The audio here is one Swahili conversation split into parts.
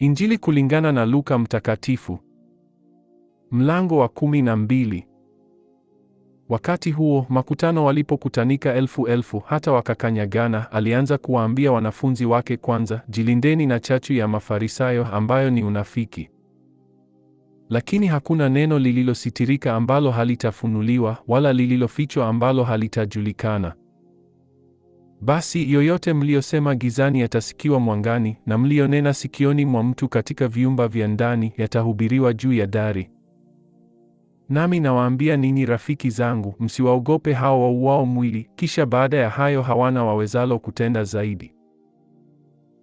Injili kulingana na Luka Mtakatifu, mlango wa kumi na mbili. Wakati huo makutano walipokutanika elfu elfu hata wakakanyagana, alianza kuwaambia wanafunzi wake, kwanza jilindeni na chachu ya Mafarisayo ambayo ni unafiki. Lakini hakuna neno lililositirika ambalo halitafunuliwa, wala lililofichwa ambalo halitajulikana. Basi yoyote mliyosema gizani yatasikiwa mwangani, na mlionena sikioni mwa mtu katika vyumba vya ndani yatahubiriwa juu ya dari. Nami nawaambia ninyi rafiki zangu, msiwaogope hao wauao mwili, kisha baada ya hayo hawana wawezalo kutenda zaidi.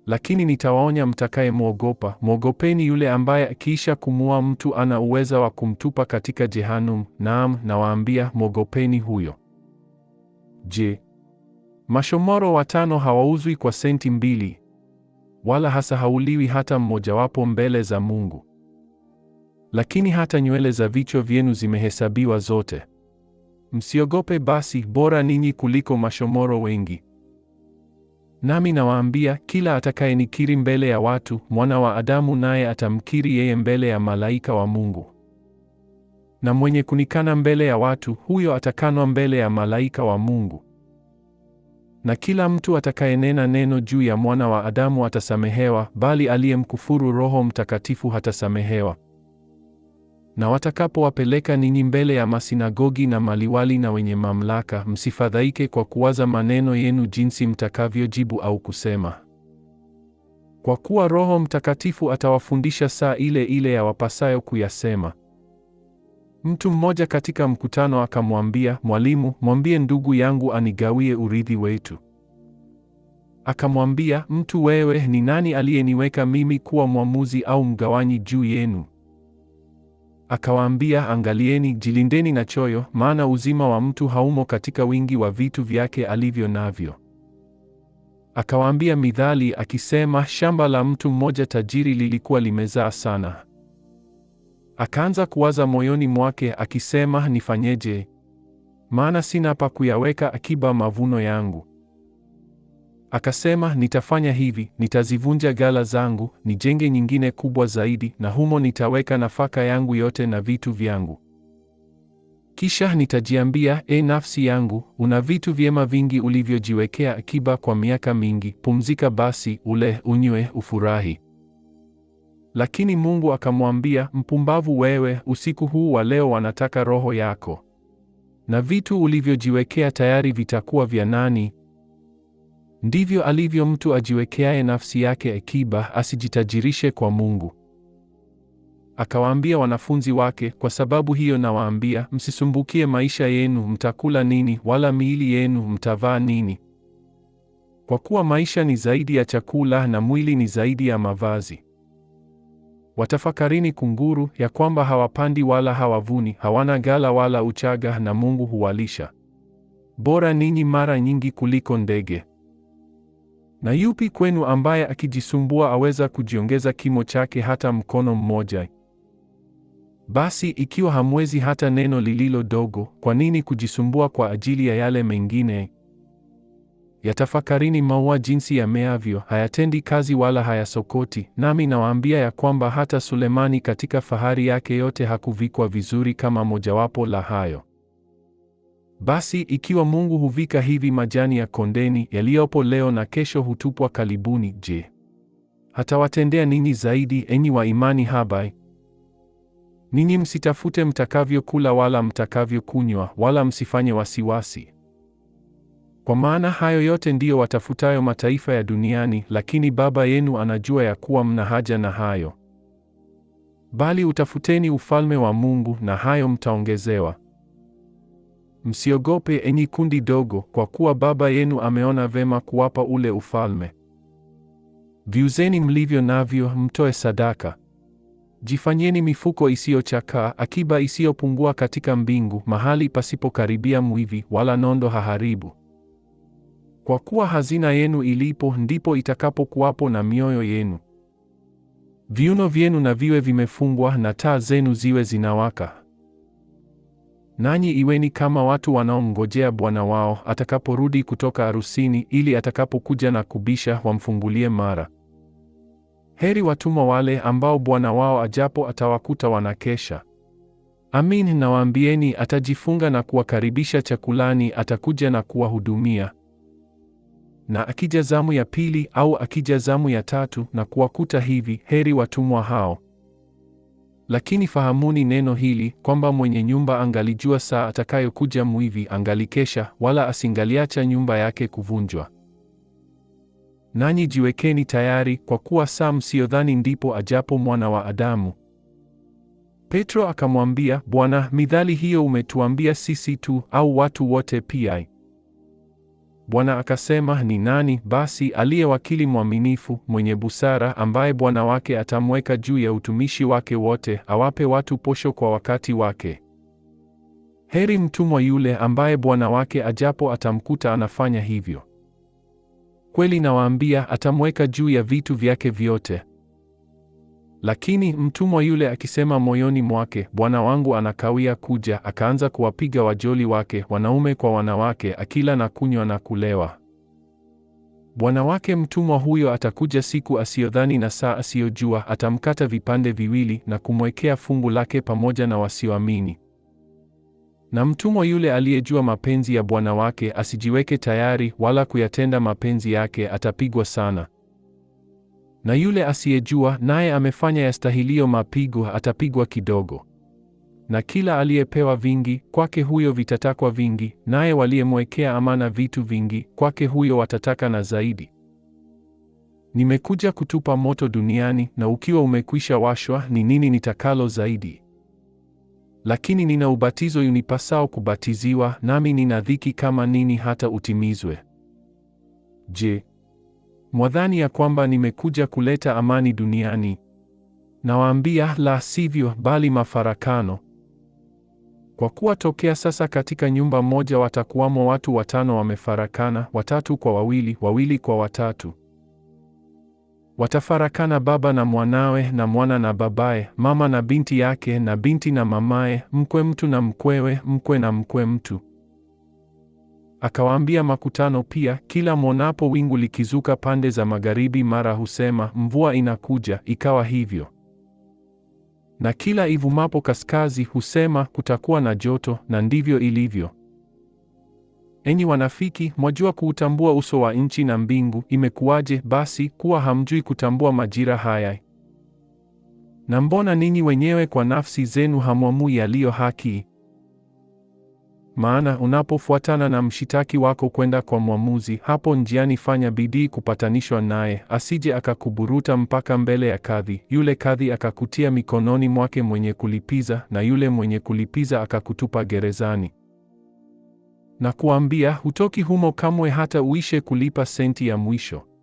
Lakini nitawaonya mtakayemwogopa, mwogopeni yule ambaye akiisha kumua mtu ana uweza wa kumtupa katika Jehanum. Naam, nawaambia mwogopeni huyo. Je, Mashomoro watano hawauzwi kwa senti mbili, wala hasahauliwi hata mmojawapo mbele za Mungu. Lakini hata nywele za vichwa vyenu zimehesabiwa zote. Msiogope basi, bora ninyi kuliko mashomoro wengi. Nami nawaambia, kila atakayenikiri mbele ya watu, mwana wa Adamu naye atamkiri yeye mbele ya malaika wa Mungu. Na mwenye kunikana mbele ya watu, huyo atakanwa mbele ya malaika wa Mungu na kila mtu atakayenena neno juu ya mwana wa Adamu atasamehewa, bali aliyemkufuru Roho Mtakatifu hatasamehewa. Na watakapowapeleka ninyi mbele ya masinagogi na maliwali na wenye mamlaka, msifadhaike kwa kuwaza maneno yenu jinsi mtakavyojibu au kusema, kwa kuwa Roho Mtakatifu atawafundisha saa ile ile ya wapasayo kuyasema. Mtu mmoja katika mkutano akamwambia, Mwalimu, mwambie ndugu yangu anigawie urithi wetu. Akamwambia, mtu wewe, ni nani aliyeniweka mimi kuwa mwamuzi au mgawanyi juu yenu? Akawaambia, angalieni, jilindeni na choyo, maana uzima wa mtu haumo katika wingi wa vitu vyake alivyo navyo. Akawaambia midhali akisema, shamba la mtu mmoja tajiri lilikuwa limezaa sana. Akaanza kuwaza moyoni mwake akisema, nifanyeje? Maana sina pa kuyaweka akiba mavuno yangu. Akasema, nitafanya hivi, nitazivunja ghala zangu, nijenge nyingine kubwa zaidi, na humo nitaweka nafaka yangu yote na vitu vyangu. Kisha nitajiambia, e nafsi yangu, una vitu vyema vingi ulivyojiwekea akiba kwa miaka mingi, pumzika basi, ule, unywe, ufurahi. Lakini Mungu akamwambia, mpumbavu wewe, usiku huu wa leo wanataka roho yako, na vitu ulivyojiwekea tayari vitakuwa vya nani? Ndivyo alivyo mtu ajiwekeaye nafsi yake akiba, asijitajirishe kwa Mungu. Akawaambia wanafunzi wake, kwa sababu hiyo nawaambia, msisumbukie maisha yenu, mtakula nini, wala miili yenu, mtavaa nini? Kwa kuwa maisha ni zaidi ya chakula na mwili ni zaidi ya mavazi. Watafakarini kunguru, ya kwamba hawapandi wala hawavuni, hawana gala wala uchaga, na Mungu huwalisha. Bora ninyi mara nyingi kuliko ndege. Na yupi kwenu ambaye akijisumbua aweza kujiongeza kimo chake hata mkono mmoja? Basi ikiwa hamwezi hata neno lililo dogo, kwa nini kujisumbua kwa ajili ya yale mengine? Yatafakarini maua jinsi yameavyo, hayatendi kazi wala hayasokoti; nami nawaambia ya kwamba hata Sulemani katika fahari yake yote hakuvikwa vizuri kama mojawapo la hayo. Basi ikiwa Mungu huvika hivi majani ya kondeni yaliyopo leo na kesho hutupwa kalibuni, je, hatawatendea ninyi zaidi, enyi wa imani haba? Ninyi msitafute mtakavyokula wala mtakavyokunywa, wala msifanye wasiwasi. Kwa maana hayo yote ndiyo watafutayo mataifa ya duniani, lakini Baba yenu anajua ya kuwa mna haja na hayo. Bali utafuteni ufalme wa Mungu, na hayo mtaongezewa. Msiogope enyi kundi dogo, kwa kuwa Baba yenu ameona vema kuwapa ule ufalme. Viuzeni mlivyo navyo, mtoe sadaka. Jifanyeni mifuko isiyochakaa, akiba isiyopungua katika mbingu, mahali pasipokaribia mwivi, wala nondo haharibu. Kwa kuwa hazina yenu ilipo, ndipo itakapokuwapo na mioyo yenu. Viuno vyenu na viwe vimefungwa, na taa zenu ziwe zinawaka. Nanyi iweni kama watu wanaomngojea bwana wao atakaporudi kutoka harusini, ili atakapokuja na kubisha wamfungulie mara. Heri watumwa wale ambao bwana wao ajapo atawakuta wanakesha. Amin, nawaambieni, atajifunga na kuwakaribisha chakulani, atakuja na kuwahudumia na akija zamu ya pili au akija zamu ya tatu na kuwakuta hivi, heri watumwa hao. Lakini fahamuni neno hili kwamba mwenye nyumba angalijua saa atakayokuja mwivi, angalikesha wala asingaliacha nyumba yake kuvunjwa. Nanyi jiwekeni tayari, kwa kuwa saa msiyodhani ndipo ajapo Mwana wa Adamu. Petro akamwambia, Bwana, midhali hiyo umetuambia sisi tu au watu wote pia? Bwana akasema, ni nani basi aliye wakili mwaminifu mwenye busara, ambaye bwana wake atamweka juu ya utumishi wake wote, awape watu posho kwa wakati wake? Heri mtumwa yule ambaye bwana wake ajapo atamkuta anafanya hivyo. Kweli nawaambia, atamweka juu ya vitu vyake vyote. Lakini mtumwa yule akisema moyoni mwake, bwana wangu anakawia kuja, akaanza kuwapiga wajoli wake wanaume kwa wanawake, akila na kunywa na kulewa. Bwana wake mtumwa huyo atakuja siku asiyodhani na saa asiyojua, atamkata vipande viwili na kumwekea fungu lake pamoja na wasioamini. Na mtumwa yule aliyejua mapenzi ya bwana wake asijiweke tayari, wala kuyatenda mapenzi yake, atapigwa sana na yule asiyejua naye amefanya yastahilio mapigo atapigwa kidogo. Na kila aliyepewa vingi, kwake huyo vitatakwa vingi, naye waliyemwekea amana vitu vingi, kwake huyo watataka na zaidi. Nimekuja kutupa moto duniani, na ukiwa umekwisha washwa, ni nini nitakalo zaidi? Lakini nina ubatizo unipasao kubatiziwa, nami nina dhiki kama nini hata utimizwe! Je, Mwadhani ya kwamba nimekuja kuleta amani duniani? Nawaambia la sivyo, bali mafarakano. Kwa kuwa tokea sasa katika nyumba moja watakuwamo watu watano wamefarakana, watatu kwa wawili, wawili kwa watatu. Watafarakana baba na mwanawe, na mwana na babaye, mama na binti yake, na binti na mamaye, mkwe mtu na mkwewe, mkwe na mkwe mtu. Akawaambia makutano pia, kila mwonapo wingu likizuka pande za magharibi, mara husema mvua inakuja, ikawa hivyo; na kila ivumapo kaskazi husema kutakuwa na joto, na ndivyo ilivyo. Enyi wanafiki, mwajua kuutambua uso wa nchi na mbingu; imekuwaje basi kuwa hamjui kutambua majira haya? Na mbona ninyi wenyewe kwa nafsi zenu hamwamui yaliyo haki? maana unapofuatana na mshitaki wako kwenda kwa mwamuzi, hapo njiani fanya bidii kupatanishwa naye, asije akakuburuta mpaka mbele ya kadhi, yule kadhi akakutia mikononi mwake mwenye kulipiza, na yule mwenye kulipiza akakutupa gerezani. Na kuambia hutoki humo kamwe hata uishe kulipa senti ya mwisho.